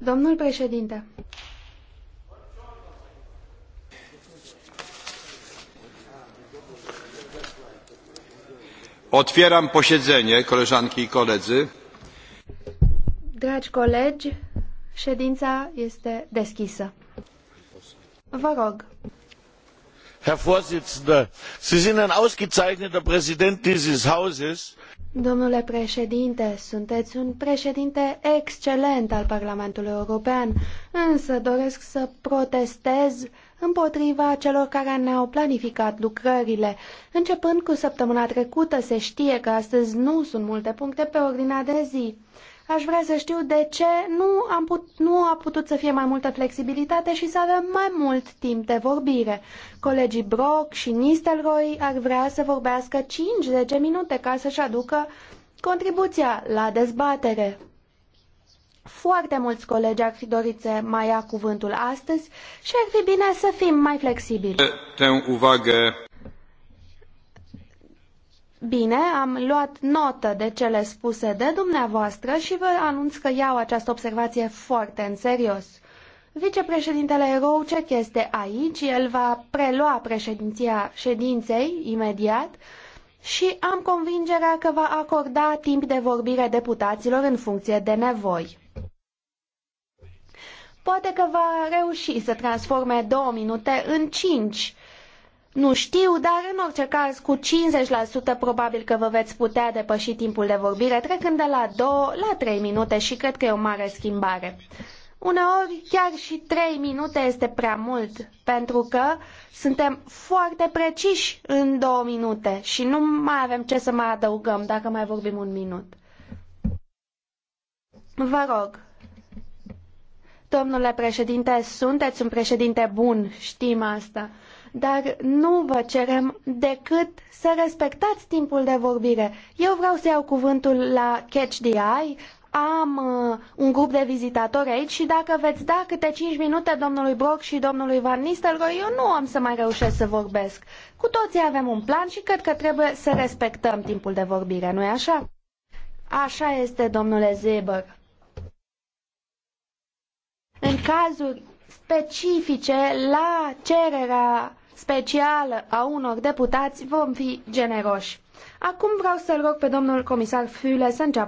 Domnul președinte. Otwieram posiedzenie, koleżanki i koledzy. Dragi colegi, ședința este deschisă. Vă rog. Herr Vorsitzender, Sie sind ein ausgezeichneter Präsident dieses Hauses Domnule președinte, sunteți un președinte excelent al Parlamentului European, însă doresc să protestez împotriva celor care ne-au planificat lucrările. Începând cu săptămâna trecută, se știe că astăzi nu sunt multe puncte pe ordinea de zi. Aș vrea să știu de ce nu, am put, nu a putut să fie mai multă flexibilitate și să avem mai mult timp de vorbire. Colegii Brock și Nistelrooy ar vrea să vorbească 5-10 minute ca să-și aducă contribuția la dezbatere. Foarte mulți colegi ar fi dorit să mai ia cuvântul astăzi și ar fi bine să fim mai flexibili. Bine, am luat notă de cele spuse de dumneavoastră și vă anunț că iau această observație foarte în serios. Vicepreședintele Roucek este aici, el va prelua președinția ședinței imediat și am convingerea că va acorda timp de vorbire deputaților în funcție de nevoi. Poate că va reuși să transforme două minute în cinci nu știu, dar în orice caz cu 50% probabil că vă veți putea depăși timpul de vorbire trecând de la 2 la 3 minute și cred că e o mare schimbare. Uneori chiar și 3 minute este prea mult pentru că suntem foarte preciși în 2 minute și nu mai avem ce să mai adăugăm dacă mai vorbim un minut. Vă rog, Domnule președinte, sunteți un președinte bun, știm asta, dar nu vă cerem decât să respectați timpul de vorbire. Eu vreau să iau cuvântul la Catch the Eye, am uh, un grup de vizitatori aici și dacă veți da câte cinci minute domnului Brock și domnului Van Nistelrooy, eu nu am să mai reușesc să vorbesc. Cu toții avem un plan și cred că trebuie să respectăm timpul de vorbire, nu-i așa? Așa este, domnule Zeber cazuri specifice la cererea specială a unor deputați vom fi generoși. Acum vreau să-l rog pe domnul comisar Füle să înceapă